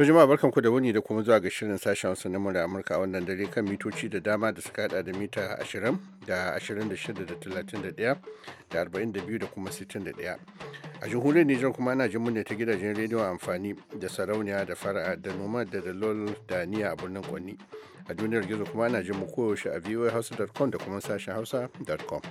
To jama'a barkanku da wuni da kuma zuwa ga shirin sashen wasu na da Amurka wannan dare kan mitoci da dama da suka hada da mita 20 da 26 da 31 da 42 da kuma 61. A jamhuriyar Nijar kuma ana jin ne ta gidajen rediyon amfani da sarauniya da fara'a da noma da dalol da niya a birnin Kwanni. A duniyar gizo kuma ana jin mu koyaushe a voahouse.com da kuma sashen hausa.com.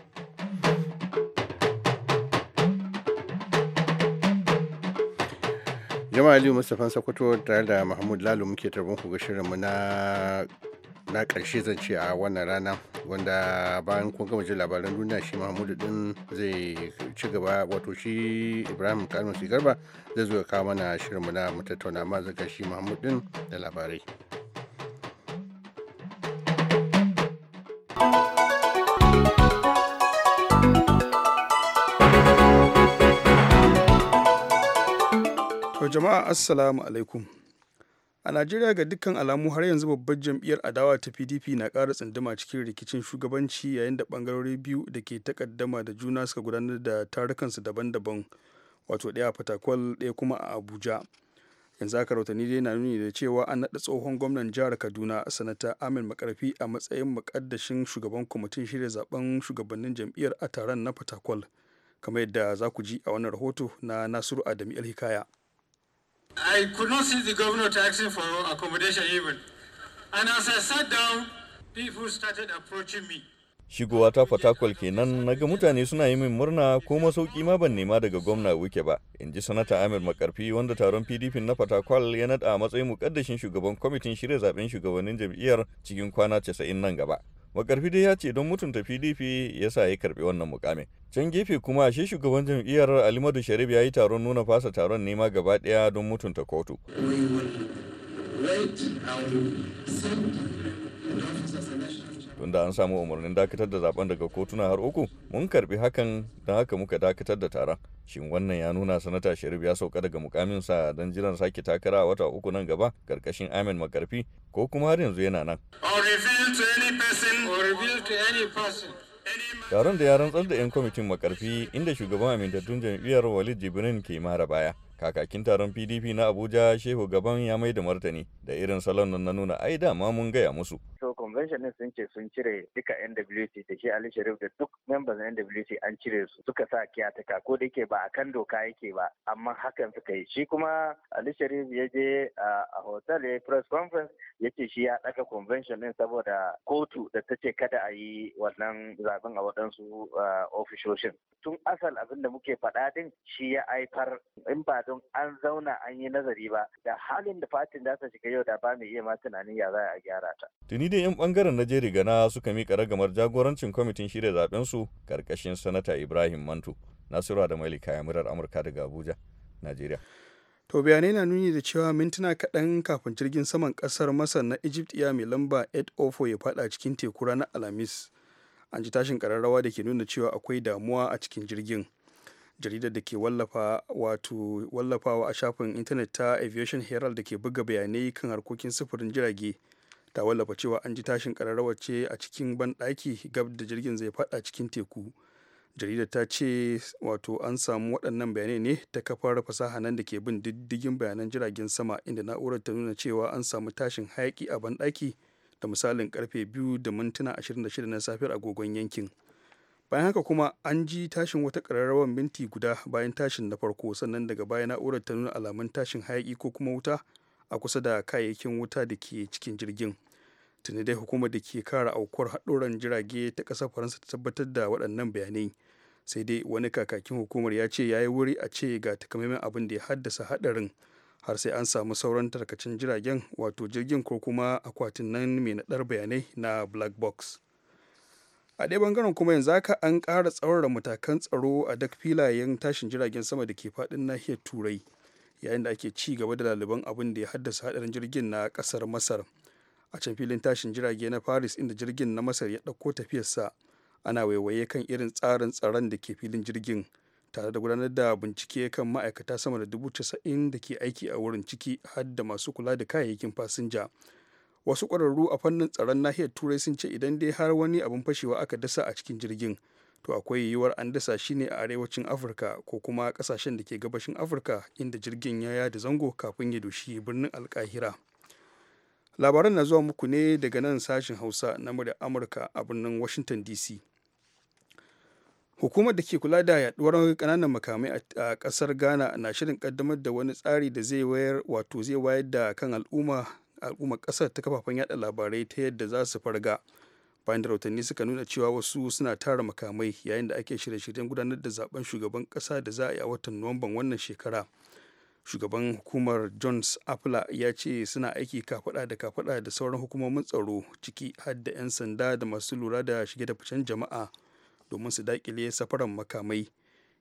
jama'a aliyu mustapha sokoto tare da mahmud lalu muke tarbin ku ga shirinmu na na ƙarshe zan ce a wannan rana wanda bayan kun gama jin labaran duniya shi mahmudu din zai ci gaba wato shi ibrahim kano garba zai zo ya kawo mana shirinmu na mu tattauna ma zaka shi mahmud din da labarai Jama'a Assalamu alaikum. A Najeriya ga dukkan alamu har yanzu babbar jam'iyyar adawa ta PDP na kara tsunduma cikin rikicin shugabanci yayin da ɓangarori biyu da ke takaddama da juna suka gudanar da tarukansu daban-daban wato ɗaya a Fatakwal ɗaya kuma a Abuja. Yanzu haka rautani dai na nuni da cewa an naɗa tsohon gwamnan jihar Kaduna sanata Amin Makarfi a matsayin makaddashin shugaban kwamitin shirya zaben shugabannin jam'iyyar a taron na Fatakwal kamar yadda za ku ji a wannan rahoto na Nasiru Adamu Alhikaya. hikaya I could not see the governor asking for accommodation even. And as I sat down, people started approaching me. Shigowa ta fatakwal kenan na ga mutane suna yi min murna ko masauki ma ban nema daga gwamna wuke ba, in ji sanata Amir Makarfi wanda taron PDP na fatakwal ya naɗa a matsayin mukaddashin shugaban kwamitin shirya zaben shugabannin jam'iyyar cikin kwana 90 nan gaba. makarfi dai ya ce don mutunta pdp ya sa ya karbi wannan mukamin can gefe kuma shi shugaban jam'iyyar alimadu sharif ya yi taron nuna fasa taron nema gaba daya don mutunta kotu tunda an samu umarnin dakatar da zaben daga kotuna har uku mun karbi hakan da haka muka dakatar da taron shin wannan ya nuna sanata sharif ya sauka daga mukaminsa don jiran sake takara a wata uku nan gaba karkashin amin makarfi ko kuma har yanzu yana nan taron da ya rantsar da 'yan kwamitin makarfi inda shugaban amintattun jam'iyyar walid jibrin ke mara baya kakakin taron pdp na abuja shehu gaban ya mai da martani da irin salon nan na nuna ai ma mun gaya musu so convention din sun ce sun cire duka nwc da shi ali sharif da duk members na nwc an cire su suka sa kiya ta ka ko da yake ba a kan doka yake ba amma hakan suka yi shi kuma ali sharif ya je a hotel ya press conference ya ce shi ya daga convention din saboda kotu da ta ce kada a yi wannan zaben a waɗansu ofishoshin tun asal abin da muke faɗa din shi ya aifar in ba don an zauna an yi nazari ba da halin da fatin za ta shiga yau da ba mu iya ma tunanin ya za a gyara ta. Tuni da 'yan bangaren na jeri gana suka mika ragamar jagorancin kwamitin shirya zaben su karkashin sanata Ibrahim Mantu. Nasiru da Malika murar Amurka daga Abuja, Najeriya. To bayanai na nuni da cewa mintuna kaɗan kafin jirgin saman ƙasar Masar na Egypt ya mai lamba 804 ya faɗa cikin teku ranar Alhamis. An ji tashin ƙararrawa da ke nuna cewa akwai damuwa a cikin jirgin. jaridar da ke wallafa wato wallafawa a shafin intanet ta aviation herald da ke buga bayanai kan harkokin sufurin jirage ta wallafa cewa an ji tashin kararrawar ce a cikin banɗaki gab da jirgin zai faɗa cikin teku jaridar ta ce wato an samu waɗannan bayanai ne ta kafar fasaha nan da ke bin diddigin bayanan jiragen sama inda na'urar ta nuna cewa an samu tashin hayaki a banɗaki da misalin karfe biyu da mintuna 26 na safiyar agogon yankin bayan haka kuma an ji tashin wata ƙararrawar minti guda bayan tashin na farko sannan daga baya na'urar ta nuna alamun tashin hayaƙi ko kuma wuta a kusa da kayayyakin wuta da ke cikin jirgin tuni dai hukumar da ke kara aukuwar haɗoran jirage ta ƙasar faransa ta tabbatar da waɗannan bayanai sai dai wani kakakin hukumar ya ce ya yi wuri a ce ga takamaiman abin da ya haddasa haɗarin har sai an samu sauran tarkacin jiragen wato jirgin ko kuma akwatin nan mai naɗar bayanai na black box. a ɗaya bangaren kuma yanzu haka an ƙara da matakan tsaro a dak filayen tashin jiragen sama da ke faɗin nahiyar turai yayin da ake ci gaba da laliban abin da ya haddasa haɗarin jirgin na ƙasar masar a can filin tashin jirage na paris inda jirgin na masar ya ɗauko tafiyarsa ana waiwaye kan irin tsarin tsaron da ke filin jirgin tare da gudanar da bincike kan ma'aikata sama da dubu casa'in da ke aiki a wurin ciki har da masu kula da kayayyakin fasinja wasu ƙwararru a fannin tsaron nahiyar turai sun ce idan dai har wani abin fashewa aka dasa a cikin jirgin to akwai yiwuwar an dasa shi ne a arewacin afirka ko kuma ƙasashen da ke gabashin afirka inda jirgin ya yada zango kafin ya doshi birnin alkahira labaran na zuwa muku ne daga nan sashen hausa na murya amurka a birnin washington dc hukumar da ke kula da yaduwar kananan makamai a kasar ghana na shirin kaddamar da wani tsari da zai wayar wato zai wayar da kan al'umma al'ummar kasar ta kafafen yada labarai ta yadda za su farga bayan da rahotanni suka nuna cewa wasu suna tara makamai yayin da ake shirye-shiryen gudanar da zaben shugaban kasa da za a yi a watan nuwamban wannan shekara shugaban hukumar jones apple ya ce suna aiki kafada da kafada da sauran hukumomin tsaro ciki har da 'yan sanda da masu lura da shige da ficen jama'a domin su dakile safaran makamai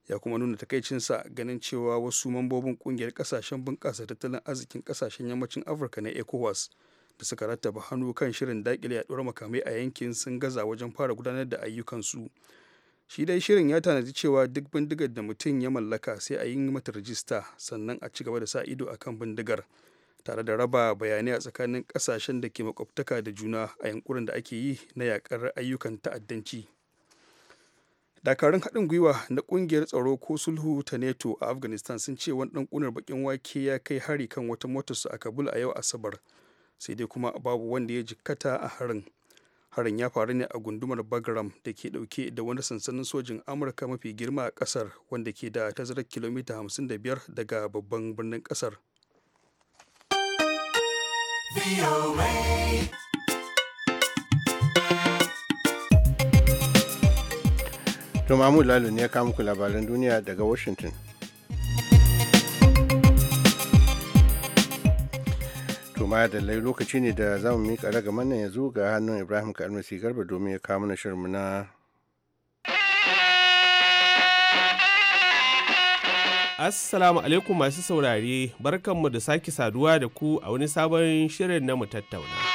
ya kuma nuna takaicinsa ganin cewa wasu mambobin kungiyar kasashen bunƙasa tattalin arzikin kasashen yammacin afirka na ecowas da suka rattaba hannu kan shirin dakile yaɗuwar makamai a yankin sun gaza wajen fara gudanar da ayyukansu shi dai shirin ya tanadi cewa duk bindigar da mutum ya mallaka sai a yi mata rajista sannan a ci gaba da sa ido akan bindigar tare da raba bayanai a tsakanin ƙasashen da ke makwabtaka da juna a yankunan da ake yi na yaƙar ayyukan ta'addanci dakarun haɗin gwiwa na ƙungiyar tsaro ko sulhu ta neto a afghanistan sun ce wani ɗankunar bakin wake ya kai hari kan wata motarsu a kabul a yau asabar sai dai kuma babu wanda ya jikkata a harin harin ya faru ne a gundumar bagram da ke ɗauke da wani sansanin sojin amurka mafi girma a ƙasar wanda ke da tazarar kilomita 55 daga babban birnin ƙasar. To Mahmud lalu ne ya kawo muku labaran duniya daga Washington. To ma da lai lokaci ne da za mu miƙa ragaman nan yanzu ga hannun Ibrahim Kalmasi Garba domin ya kawo mana shirinmu na Assalamu alaikum masu saurare, barkanmu da sake saduwa da ku a wani sabon shirin na mu tattauna.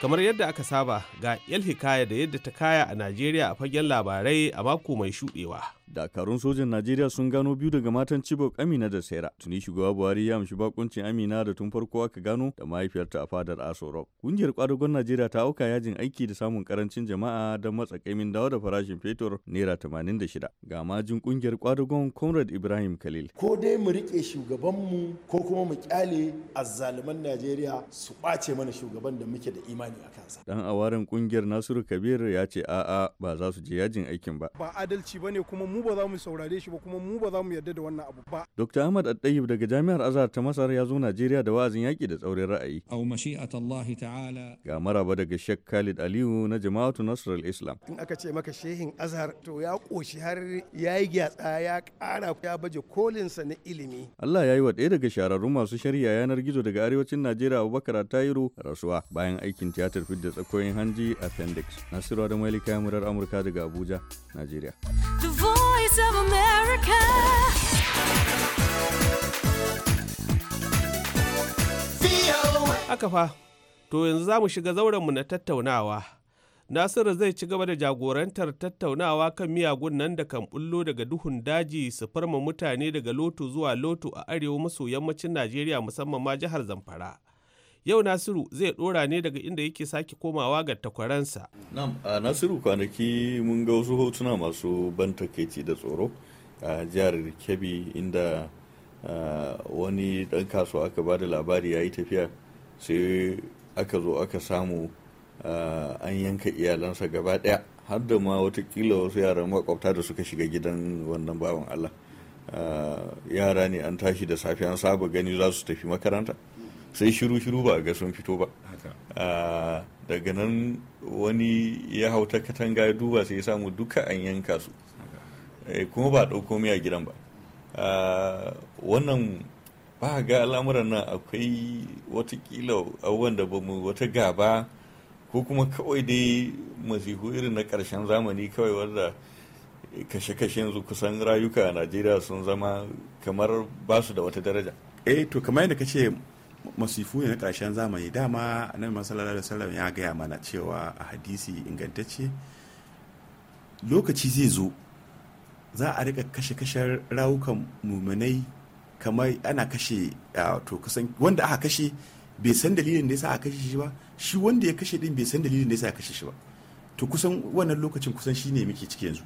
kamar yadda aka saba ga 'yar hikaya da yadda ta kaya a najeriya a fagen labarai a mako mai shuɗewa. dakarun sojan najeriya sun gano biyu daga matan cibok amina da sera tuni shugaba buhari ya amshi bakuncin amina da tun farko aka gano da mahaifiyarta a fadar aso kungiyar kwadagon najeriya ta auka yajin aiki da samun karancin jama'a don matsakaimin dawo da farashin fetur naira tamanin da shida ga majin kungiyar kwadagon comrade ibrahim khalil ko dai mu rike shugabanmu ko kuma mu kyale azzaluman najeriya su ɓace mana shugaban da muke da imani a kansa dan awaren kungiyar nasiru kabir ya ce a'a ba za su je yajin aikin ba ba adalci bane kuma mu mu ba za mu saurare shi ba kuma mu ba za mu yarda da wannan abu ba. Dr. Ahmad Addayyib daga Jami'ar Azhar ta Masar ya zo Najeriya da wa'azin yaƙi da tsaurin ra'ayi. Au mashi'at Allah ta'ala. Ga maraba daga Sheikh Khalid Aliyu na Jama'atu al Islam. In aka ce maka shehin Azhar to ya koshi har ya yi gyatsa ya ƙara ya baje kolinsa na ilimi. Allah ya yi wa ɗaya daga shahararrun masu shari'a yanar gizo daga arewacin Najeriya Abubakar Tayiru rasuwa bayan aikin tiyatar fidda tsakoyin hanji appendix. Nasiru Adamu Ali kayan murar Amurka daga Abuja, Najeriya. The streets of America. Haka fa, to yanzu za mu shiga zaurenmu na tattaunawa. Nasiru zai ci gaba da jagorantar tattaunawa kan miyagun nan da kan bullo daga duhun daji su farma mutane daga loto zuwa loto a arewa maso yammacin Najeriya musamman ma jihar Zamfara. Yau Nasiru zai ɗora ne daga inda yake sake komawa ga takwaransa. a Nasiru kwanaki mun ga wasu hotuna masu ban takaici da tsoro a jihar Kebbi inda wani dan kasuwa aka ba da labari ya yi tafiya sai aka zo aka samu an yanka iyalansa gaba ɗaya har da ma watakila wasu yaran makwabta da suka shiga gidan wannan bawan Allah. yara ne an tashi da safe an saba gani za su tafi makaranta sai shiru-shiru ba ga sun fito ba ah, daga nan wani ya hau ta katanga ya duba sai ya samu duka an yanka su eh, kuma ba ɗauko miya gidan ba ah, wannan ba ga al'amuran nan akwai watakila abubuwan da ba mu wata gaba ko kuma kawai dai masihu irin na ƙarshen zamani kawai wanda kashe-kashe yanzu kusan rayuka a najeriya sun zama kamar ba su da wata daraja eh to kamar yadda ka ce masifu ne na zamani dama annabi masallallahu da wasallam ya gaya mana cewa a hadisi ingantacce lokaci zai zo za a rika kashe-kashen rawukan muminai kamar ana kashe to kusan wanda aka kashe bai san dalilin da yasa aka kashe shi ba shi wanda ya kashe din bai san dalilin da yasa aka kashe shi ba to kusan wannan lokacin kusan shine muke ciki yanzu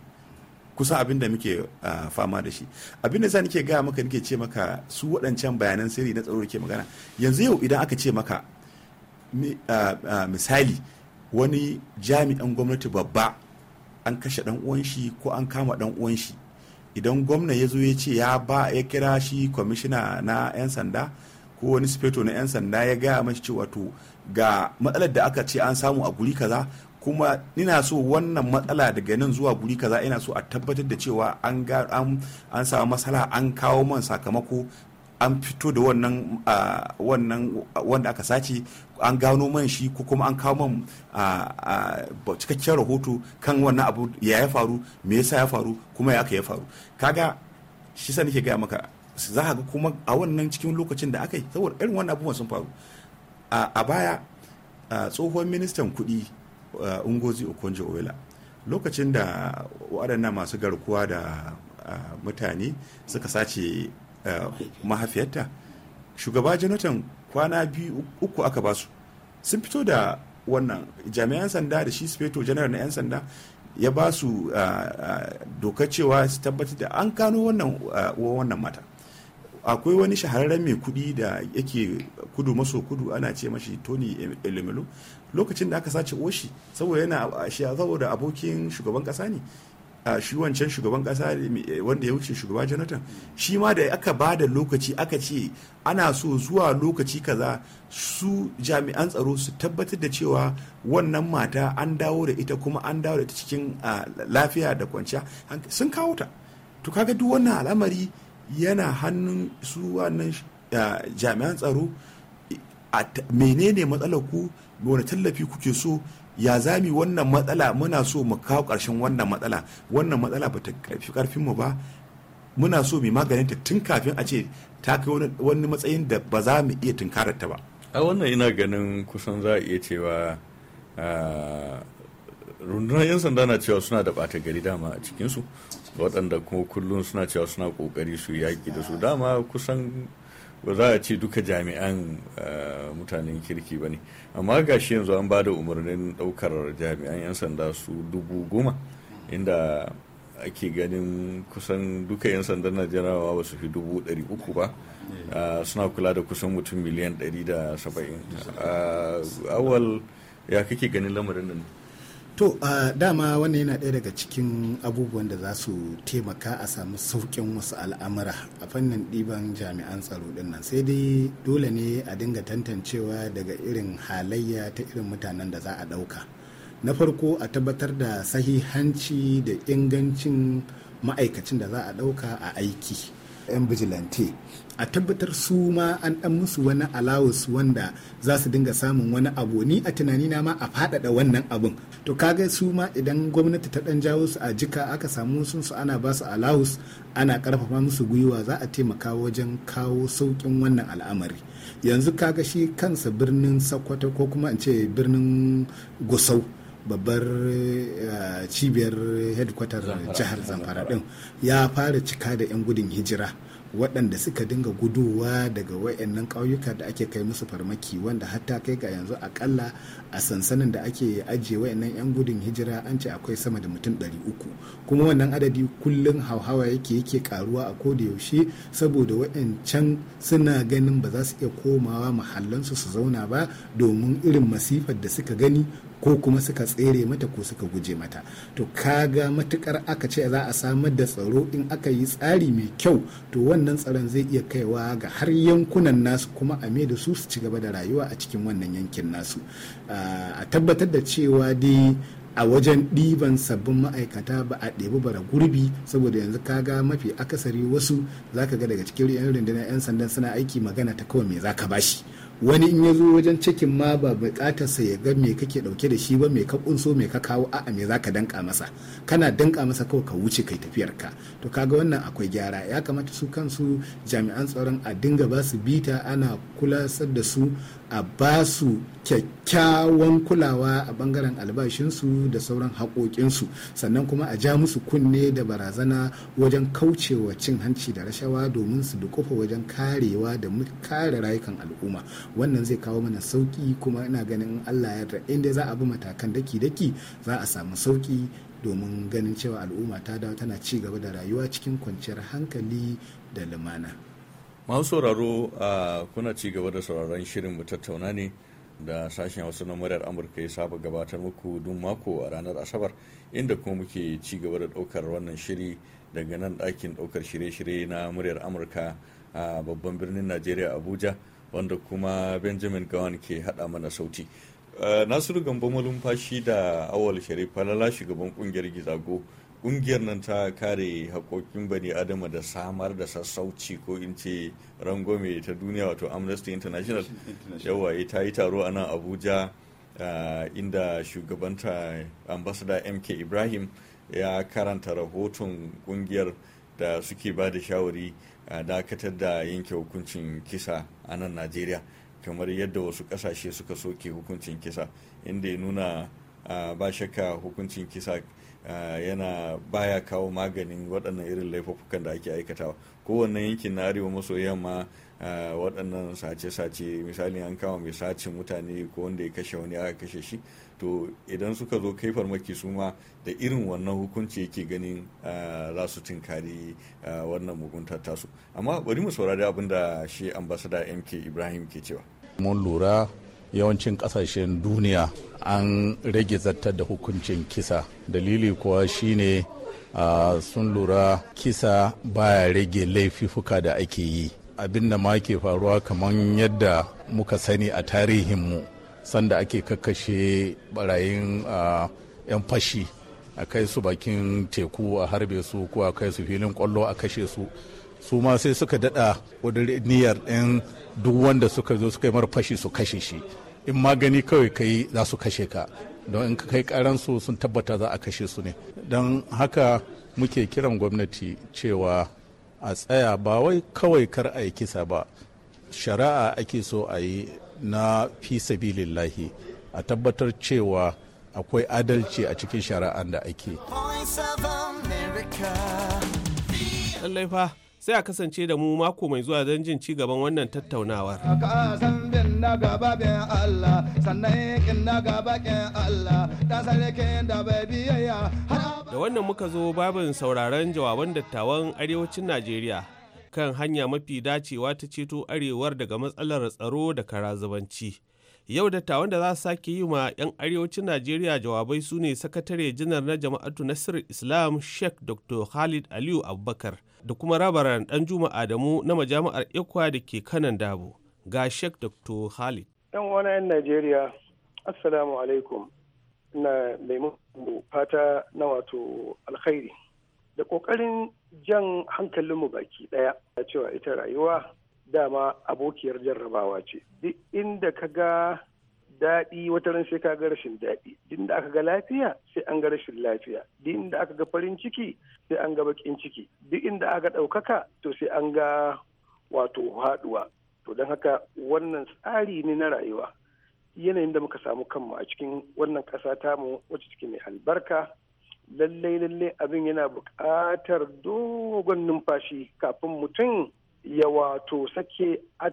kusa abin da muke fama da shi abin da sa gaya maka nake ce maka su waɗancan bayanan sirri na tsaro ke magana yanzu yau idan aka ce maka misali wani jami'an gwamnati babba an kashe dan uwan shi ko an kama dan uwan shi idan gwamna ya zo ya ce ya ba ya kira shi kwamishina na 'yan sanda ko wani sifeto na 'yan sanda ya gaya mashi cewa to ga matsalar da aka ce an samu a guri kaza kuma ina so wannan matsala daga nan zuwa guri kaza ina so a tabbatar da cewa an an samu matsala an kawo man sakamako an fito da wannan wannan wanda aka sace an gano man shi ko kuma an kawo man cikakken rahoto kan wannan abu ya ya faru me yasa ya faru kuma ya aka ya faru kaga shi sa nake gaya maka za ka ga kuma a wannan cikin lokacin da aka yi saboda irin wannan abubuwan sun faru a baya tsohon ministan kuɗi Uh, ungozi okonjo oila lokacin da waɗannan masu garkuwa da uh, mutane suka sace uh, mahaifiyarta shugaba jonathan kwana biyu uku aka basu sun fito da wannan jami'an sanda da shi speto general na 'yan sanda ya ba su dokar cewa su tabbatar da an kano wannan mata akwai wani shahararren mai kuɗi da yake kudu maso kudu ana ce mashi tony elemelo lokacin da aka sace oshi saboda yana saboda abokin shugaban kasa ne a shi wancan shugaban kasa eh, wanda ya wuce shugaba jonathan shi ma da aka ba da lokaci aka ce ana so zuwa lokaci kaza su jami'an tsaro su tabbatar da cewa wannan mata an dawo da ita kuma an dawo da ita cikin lafiya da kwanciya sun kawo ta to kaga duk wannan al'amari yana hannun su wannan eh, jami'an tsaro menene matsalar ku wani tallafi kuke so ya zami wannan matsala muna so mu kawo ƙarshen wannan matsala wannan matsala ba ta karfi karfinmu ba muna so mai maganin ta tun kafin a ce ta kai wani matsayin da ba za mu iya tunkarar ta ba a wannan ina ganin kusan za a iya cewa ah, rundunar 'yan sanda na cewa suna da bata gari dama a cikinsu waɗanda kuma kullum suna cewa suna ƙoƙari su yaƙi da su dama kusan ba za a ce duka jami'an eh, mutanen kirki ba ne amma gashi yanzu an ba da umarnin ɗaukar jami'an 'yan sanda su dubu goma inda ake ganin kusan duka 'yan na jarawa ba su fi dubu ɗari uku ba eh. ah, suna kula da kusan mutum miliyan ɗari da saba'in ah, awal ya kake ganin lamarin nan To uh, dama wannan yana ɗaya daga cikin abubuwan da za su taimaka a samu saukin wasu al'amura a fannin ɗiban jami'an tsaro ɗin nan sai dai dole ne a dinga tantancewa daga irin halayya ta irin mutanen da za a ɗauka. Na farko a tabbatar da sahihanci da ingancin ma'aikacin da za a ɗauka a aiki. 'yan vigilante a tabbatar su ma an dan musu wani alawus wanda za su dinga samun wani abu ni a tunani na ma a faɗaɗa wannan abun to kaga su ma idan gwamnati ta dan jawo su a jika aka samu sun su ana ba su alawus ana karfafa musu gwiwa za a taimaka wajen kawo sauƙin wannan al'amari yanzu kaga shi kansa birnin sokoto ko kuma in ce birnin gusau babbar eh, cibiyar headquarter jihar zamfara din ya fara cika da 'yan gudun hijira waɗanda suka dinga guduwa daga wayannan ƙauyuka da ake kai musu farmaki wanda hatta kai ga yanzu akalla a sansanin da ake ajiye wayannan 'yan gudun hijira an ce akwai sama da mutum 300 kuma wannan adadi kullum hauhawa yake yake karuwa a koda yaushe saboda wayancan suna ganin ba za su iya komawa mahallansu su zauna ba domin irin masifar da suka gani ko kuma suka tsere mata ko suka guje mata to kaga matukar aka ce za a samar da tsaro in aka yi tsari mai kyau to wannan tsaron zai iya kaiwa ga har yankunan nasu kuma a da su su ci gaba da rayuwa a cikin wannan yankin nasu ah, a tabbatar da cewa dai a wajen ɗiban sabbin ma'aikata ba a ɗebi bara gurbi saboda yanzu kaga mafi akasari wasu zaka ga daga cikin yan rundunar 'yan sandan suna aiki magana ta kawai me zaka bashi wani in ya zo wajen cikin ma ba bukatar sa ya ga me kake dauke da shi ba me ka kunso me ka kawo a'a me zaka danka masa kana danka masa kawai ka wuce kai tafiyar ka to kaga wannan akwai gyara ya kamata su kansu jami'an tsaron a dinga ba su bita ana kulasar da su a ba su kyakkyawan kulawa a bangaren albashinsu da sauran haƙoƙinsu sannan kuma a ja musu kunne da barazana wajen kaucewa cin hanci da rashawa domin su dukufa wajen karewa da kare rayukan al'umma wannan zai kawo mana sauki kuma ina ganin allah ya yarda inda za a bi matakan daki-daki za a samu sauki domin ganin cewa al'umma ta dawo tana ci gaba da rayuwa cikin kwanciyar hankali da lumana. masu sauraro a kuna ci gaba da sauraron shirin mu tattauna ne da sashen wasu na muryar amurka ya saba gabatar muku duk mako a ranar asabar inda kuma muke ci gaba da ɗaukar wannan shiri daga nan ɗakin ɗaukar shirye-shirye na muryar amurka a babban birnin najeriya abuja wanda kuma benjamin gawan ke hada mana sauti eh, nasiru gambo malumfashi da awal sharif falala shugaban kungiyar gizago kungiyar nan ta kare haƙoƙin bani adama da samar da sassauci ko in ce rangwame ta duniya wato amnesty international yawa eh, ta yi taro a nan abuja eh, inda shugabanta ambassador mk ibrahim ya karanta rahoton kungiyar da suke ba da shawari a dakatar da yanke hukuncin kisa a nan najeriya kamar yadda wasu kasashe suka soke hukuncin kisa inda ya nuna ba shakka hukuncin kisa Ah, yana baya kawo maganin waɗannan irin laifukan da ake aikatawa kowanne yankin na arewa maso yamma ah, waɗannan sace-sace misali an kama mai sacin mutane ko wanda ya kashe wani aka kashe shi to idan suka zo kai farmaki su ma da irin wannan hukunci yake ganin ah, za su tinkari wannan muguntar tasu amma bari mu saurari abin da shi ambasada mk ibrahim ke cewa mun lura yawancin kasashen duniya an rage zartar da hukuncin kisa dalili kuwa shine uh, sun lura kisa baya rage laififuka da ake yi abin da ma ke faruwa kamar yadda muka sani a tarihinmu sanda ake kakkashe barayin uh, 'yan fashi a kai su bakin teku a harbe su ko a kai su filin kwallo a kashe su su ma sai suka dada niyyar ɗin duk wanda suka zo suka yi mara fashi su kashe shi in magani kawai ka yi za su kashe ka don in ka kai karansu sun tabbata za a kashe su ne don haka muke kiran gwamnati cewa a tsaya ba wai kawai kar a yi kisa ba shari'a ake so a yi na fi sabilillahi a tabbatar cewa akwai adalci a cikin shari'an da ake lallai fa sai a kasance da mu mako mai zuwa don jin ci gaban wannan tattaunawar. sannan na gaba kin da wannan muka zo babin sauraron jawaban dattawan arewacin Najeriya kan hanya mafi dacewa ta ceto arewar daga matsalar tsaro da karazubanci. Yau dattawan da za su sake yi ma 'yan arewacin Najeriya jawabai su ne sakatare janar na jama'atu Nasir Islam Sheikh Dr. Khalid Aliyu Abubakar da kuma rabaran ɗan Juma'a Adamu na majami'ar Ikwa da ke kanan dabo. ga Sheikh Dr. Khalid. Yan wani 'yan Najeriya, Assalamu alaikum. na mai fata na wato alkhairi. Da ƙoƙarin jan hankalinmu baki ɗaya, a cewa ita rayuwa dama abokiyar jarrabawa ce. Duk inda ka ga daɗi wata ran sai ka ga rashin daɗi Duk da aka ga lafiya sai an ga rashin lafiya Duk da aka ga farin ciki sai an ga baƙin ciki duk inda aka ɗaukaka to sai an ga wato haɗuwa to don haka wannan tsari ne na rayuwa yanayin da muka samu kanmu a cikin wannan ƙasa tamu wacce take mai albarka lallai lallai abin yana bukatar dogon numfashi kafin mutum ya wato sake a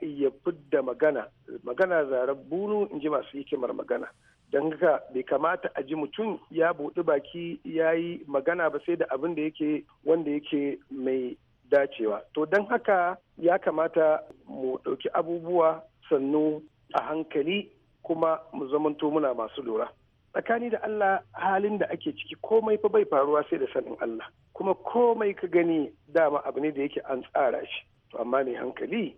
ya fidda magana magana zarar bunu in ji masu hikimar magana don haka bai kamata a ji mutum ya buɗi baki ya yi magana ba sai da abin da yake wanda yake mai dacewa to don haka ya kamata mu ɗauki abubuwa sannu a hankali kuma mu zamanto muna masu lura tsakani da Allah halin da ake ciki komai fa bai faruwa sai da sanin Allah kuma komai ka gani dama abu ne da yake an tsara shi to amma mai hankali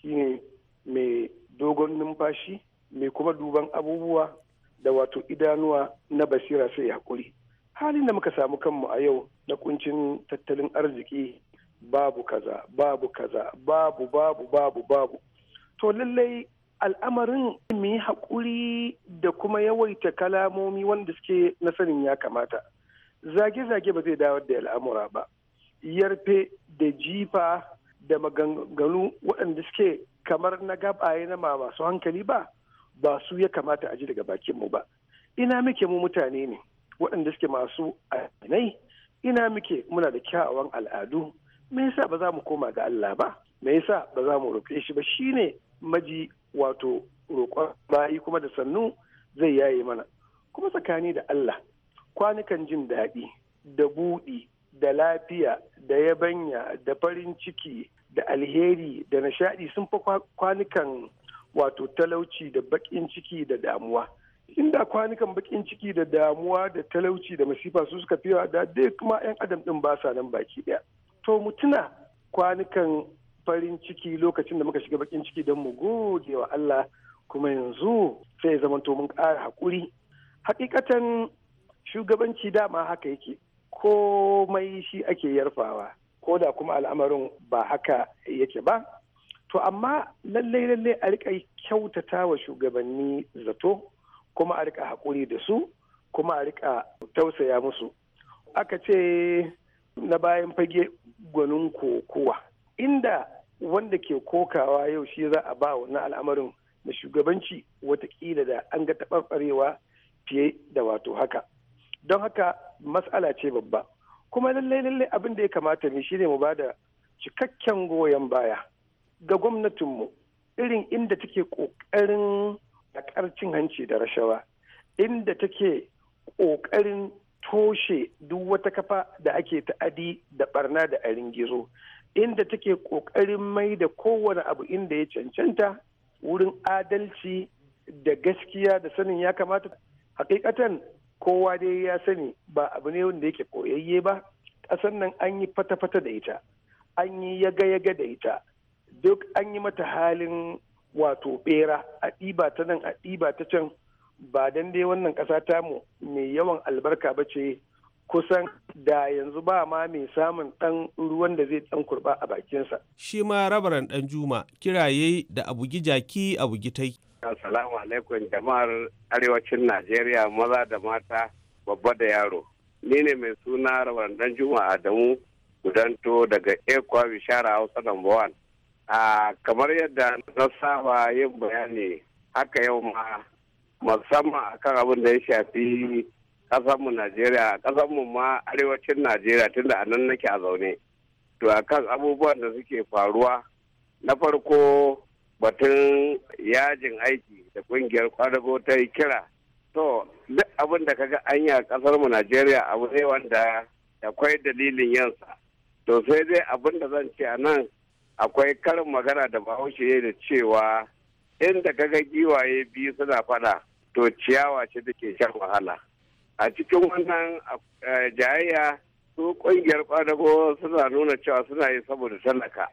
shine mai dogon numfashi mai kuma duban abubuwa da wato idanuwa na basira sai hakuri halin da muka samu kanmu a yau na kuncin tattalin arziki babu kaza babu kaza babu babu babu babu to lallai al'amarin mu yi haƙuri da kuma yawaita kalamomi wanda suke na sanin ya kamata zage-zage ba zai dawo da al'amura ba yarfe da jifa da maganganu waɗanda suke kamar na gabaye na ma masu hankali ba ba su ya kamata a ji daga bakin mu ba ina muke mu mutane ne waɗanda suke masu addinai ina muke muna da kyawawan al'adu me yasa ba za mu koma ga Allah ba me yasa ba za mu roƙe shi ba shine maji wato roƙon bayi kuma da sannu zai yaye mana kuma tsakani da Allah kwanukan jin daɗi da buɗi da lafiya da yabanya da farin ciki da alheri da nishaɗi sun fa kwanukan wato talauci da baƙin ciki da damuwa inda kwanukan baƙin ciki da damuwa da talauci da masifa su suka fi da duk kuma 'yan adam ɗin ba sa nan baki ɗaya. to mu tuna kwanukan farin ciki lokacin da muka shiga bakin ciki don mu gode wa Allah kuma yanzu sai ya zamanto mun ƙara haƙuri hakikatan shugabanci dama haka yake komai shi ake yarfawa ko da kuma al'amarin ba haka yake ba to amma lallai lallai a riƙa kyautata wa shugabanni zato kuma a rika haƙuri da su kuma a rika tausaya musu aka ce na bayan fage gwanin kokowa inda wanda ke kokawa yau shi za a ba na al'amarin da shugabanci watakila da an ga taɓarɓarewa fiye da wato haka don haka matsala ce babba kuma lallai lallai abin da ya kamata mu shine mu ba da cikakken goyon baya ga gwamnatinmu irin inda take ƙoƙarin cin hanci da rashawa inda take ƙoƙarin toshe duk wata kafa da ake ta'adi da barna da arin gizo inda take ƙoƙarin mai da kowane abu inda ya cancanta wurin adalci da gaskiya da sanin ya kamata hakikatan kowa dai ya sani ba abu ne wanda yake koyayye ba ƙasan nan an yi fata-fata da ita an yi yaga-yaga da ita duk an yi mata halin wato bera a ɗiba ta nan a ɗiba ta can ba dan dai wannan ƙasa tamu mai yawan albarka ba ce kusan da yanzu ba ma mai samun ɗan ruwan da zai ɗan kurɓa a bakinsa. Shi ma rabaran ɗan juma kiraye da abugi jaki abu gitai. Assalamu alaikum jama'ar arewacin Najeriya maza da mata babba da yaro. Ni ne mai suna rabaran ɗan juma Adamu Gudanto daga Ekwa Bishara Hausa Number A ah, kamar yadda na saba yin bayani haka yau ma musamman akan abin da ya shafi kasanmu najeriya kasanmu ma arewacin najeriya tunda a nan nake a zaune to akan abubuwan da suke faruwa na farko batun yajin aiki da kungiyar kwadago ta yi kira to duk abin da kaga anya kasar mu najeriya abu ne wanda akwai dalilin yansa to sai dai abin da zan ce a nan akwai karin magana da bahaushe da cewa inda kaga giwaye biyu suna fada to ciyawa ce da ke shan wahala a cikin wannan eh, jayayya su kungiyar kwanago suna nuna cewa suna yi saboda talaka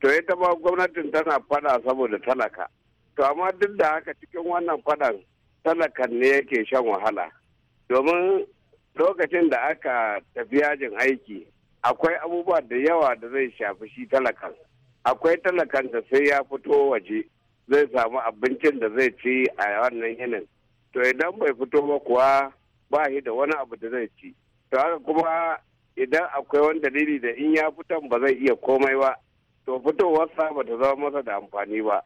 to ita ma gwamnatin tana fada saboda talaka to amma duk da haka cikin wannan fadan talakan ne yake shan wahala domin lokacin da aka tafi yajin aiki akwai abubuwa da yawa da zai shafi shi talakan akwai talakan da sai ya fito waje zai samu abincin da zai ci a wannan yinin to idan bai fito ba kuwa ba shi da wani abu da zai ci to haka kuma idan akwai wani dalili da in ya fitan ba zai iya komai ba to fitowarsa ba ta zama masa da amfani ba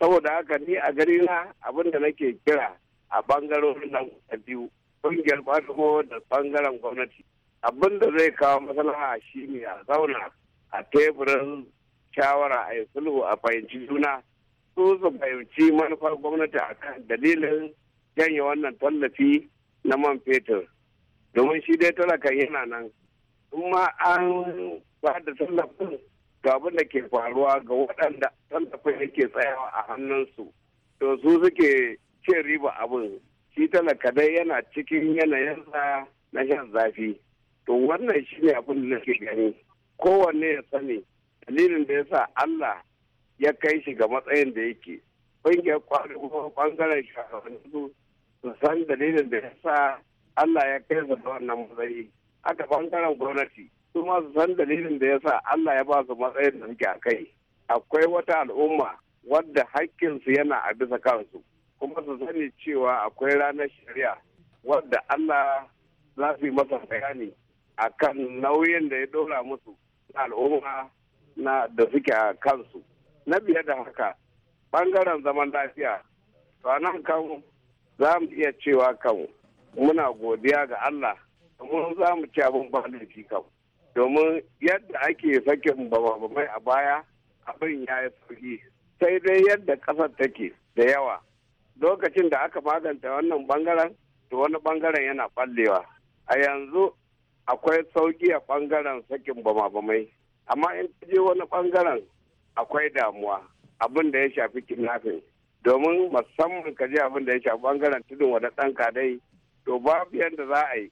saboda haka ni a gari na abin da nake kira a bangarorin nan a biyu ƙungiyar kwadago da bangaren gwamnati abin da zai kawo maslaha shine a zauna a teburin shawara a yi sulhu a fahimci juna su su fahimci manufar gwamnati a kan dalilin janye wannan tallafi na man fetur domin shi dai talakan yana nan in ma an ba da tallafin ga abin da ke faruwa ga waɗanda tallafin yake tsayawa a hannunsu to su suke ce riba abin shi talaka dai yana cikin yanayinsa na shan zafi to wannan shi ne abin da nake gani kowanne ya sani dalilin da ya sa allah ya kai shi ga matsayin da yake ƙungiyar kuma ɓangaren shagabannin su san dalilin da ya sa Allah ya kai su da wannan matsayi Haka ɓangaren gwamnati su ma su san dalilin da ya sa Allah ya ba su matsayin da suke a kai akwai wata al'umma wadda hakkinsu yana a bisa kansu kuma su sani cewa akwai ranar shari'a wadda Allah za su yi masa bayani a kan nauyin da ya dora musu na al'umma na da suke a kansu na biye da haka bangaren zaman lafiya to nan kan za mu iya cewa kan muna godiya ga Allah domin za mu ci abin ba laifi kan domin yadda ake sakin bababamai a baya abin ya yi sauki sai dai yadda ƙasar take da yawa lokacin da aka maganta wannan bangaren to wani bangaren yana ɓallewa a yanzu akwai sauki a bangaren sakin bababamai amma in je wani bangaren akwai damuwa abin da ya shafi kidnapping domin musamman ka je abin da ya shafi bangaren tudun wada ɗan kadai to babu yadda za a yi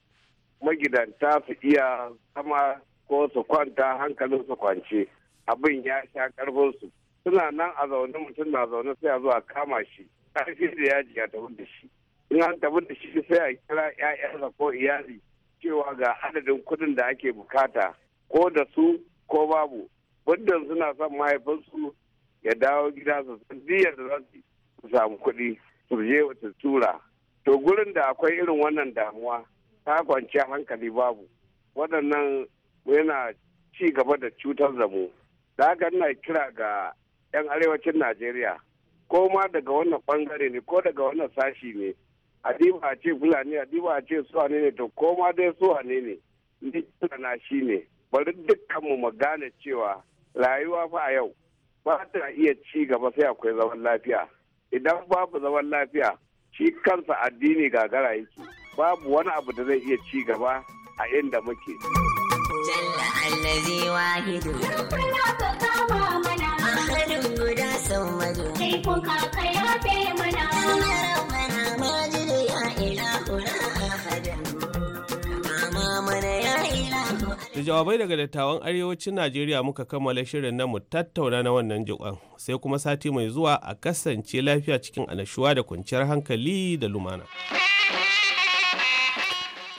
magidanta su iya sama ko su kwanta hankalin su kwance abin ya sha karfin su suna nan a zaune mutum na zaune sai a zo a kama shi ƙarfi da yaji ya tafi da shi in an tafi da shi sai a kira 'ya'yansa ko iyali cewa ga adadin kuɗin da ake bukata ko da su ko babu muddin suna son mahaifinsu ya dawo gida su san da su samu kuɗi su je wata tura to gurin da akwai irin wannan damuwa ta kwanciya hankali babu waɗannan yana ci gaba da cutar da mu da haka ina kira ga 'yan arewacin najeriya ko ma daga wannan bangare ne ko daga wannan sashi ne diba a ce fulani diba a ce suwa ne ne to ko ma dai suwa ne ne ni na shi ne bari dukkanmu mu gane cewa rayuwa fa a yau ba ta iya ci gaba sai akwai zaman lafiya idan babu zaman lafiya shi kansa addini gagara yake babu wani abu da zai iya ci gaba a inda muke jalla allazi wahidu mana guda sau kai kuka mana Da jawabai daga dattawan arewacin Najeriya muka kammala shirin na mu tattauna na wannan jikon sai kuma sati mai zuwa a kasance lafiya cikin anashuwa da kwanciyar hankali da lumana.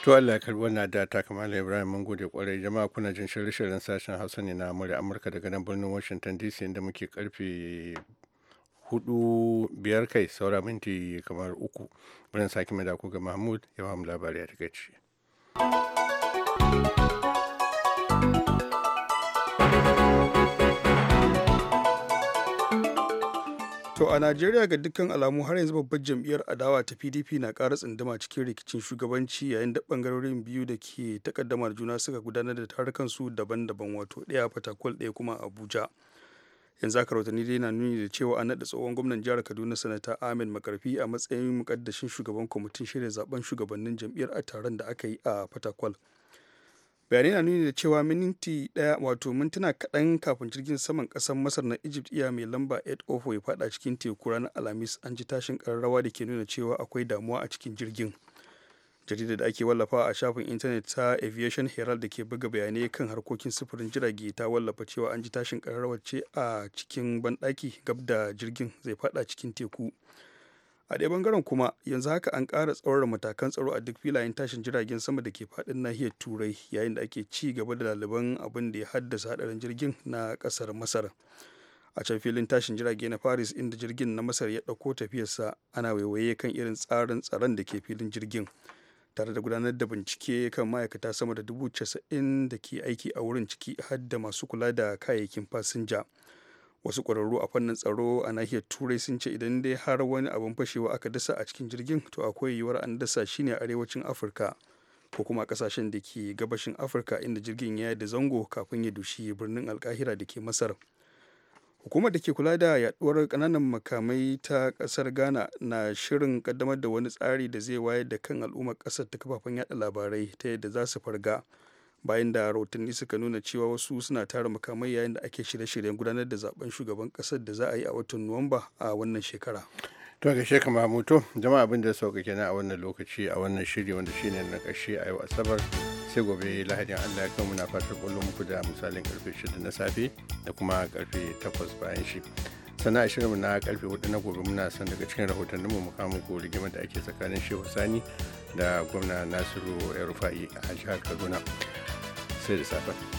To Allah karɓi wannan data kamala Ibrahim mun gode kwarai jama'a kuna jin shirye-shiryen sashen Hausa ne na amurka Amurka daga nan birnin Washington DC inda muke karfe hudu biyar kai saura minti kamar uku birnin sake mai dako ga Mahmud mu labari a you To a Najeriya ga dukkan alamu har yanzu babbar jam'iyyar adawa ta PDP na ƙara tsunduma cikin rikicin shugabanci yayin da bangarorin biyu da ke takaddama da juna suka gudanar da tarukan su daban-daban wato ɗaya Fatakwal ɗaya kuma Abuja. Yanzu aka rahotanni dai na nuni da cewa an naɗa tsohon gwamnan jihar Kaduna sanata Ahmed Makarfi a matsayin mukaddashin shugaban kwamitin shirya zaben shugabannin jam'iyyar a taron da aka yi a Fatakwal. bayanai na nuni da cewa minti daya wato mintuna kaɗan kafin jirgin saman ƙasar masar na egypt iya mai lamba 804 ya faɗa cikin teku ranar alhamis an ji tashin ƙararrawa da ke nuna cewa akwai damuwa a cikin jirgin jaridar da ake wallafa a shafin intanet ta aviation herald da ke buga bayanai kan harkokin sufurin jirage ta wallafa cewa an ji tashin kararrawa ce a cikin banɗaki gab da jirgin zai faɗa cikin teku a ɗaya bangaren kuma yanzu haka an ƙara tsaurara matakan tsaro a duk filayen tashin jiragen sama da ke faɗin nahiyar turai yayin da ake ci gaba da laliban abin da ya haddasa haɗarin jirgin na ƙasar masar a can filin tashin jirage na paris inda jirgin na masar ya ɗauko tafiyarsa ana waiwaye kan irin tsarin tsaron da ke filin jirgin tare da gudanar da bincike kan ma'aikata sama da dubu casa'in da ke aiki a wurin ciki har da masu kula da kayayyakin fasinja. wasu ƙwararru a fannin tsaro a nahiyar turai sun ce idan dai har wani abin fashewa aka dasa a cikin jirgin to akwai yiwuwar an dasa shi ne a arewacin afirka ko kuma kasashen da ke gabashin afirka inda jirgin ya da zango kafin ya dushi birnin alkahira da ke masar hukumar da ke kula da yaduwar kananan makamai ta ƙasar ghana na shirin kaddamar da wani tsari da zai wayar da kan al'ummar kasar ta kafafen yada labarai ta yadda za su farga bayan da rahotanni suka nuna cewa wasu suna tara makamai yayin da ake shirye-shiryen gudanar da zaben shugaban kasar da za a yi a watan nuwamba a wannan shekara to ga sheka mamuto jama'a abin da ya sauka kenan a wannan lokaci a wannan shiri wanda shine na ƙarshe a yau asabar sai gobe lahadin allah ya muna fatar kwallo muku da misalin karfe 6 na safe da kuma karfe 8 bayan shi sana'a shirinmu na karfe hudu na gobe muna son daga cikin rahotanninmu mu kama ko rigima da ake tsakanin shehu sani da gwamna nasiru ya rufa'i a jihar kaduna så är det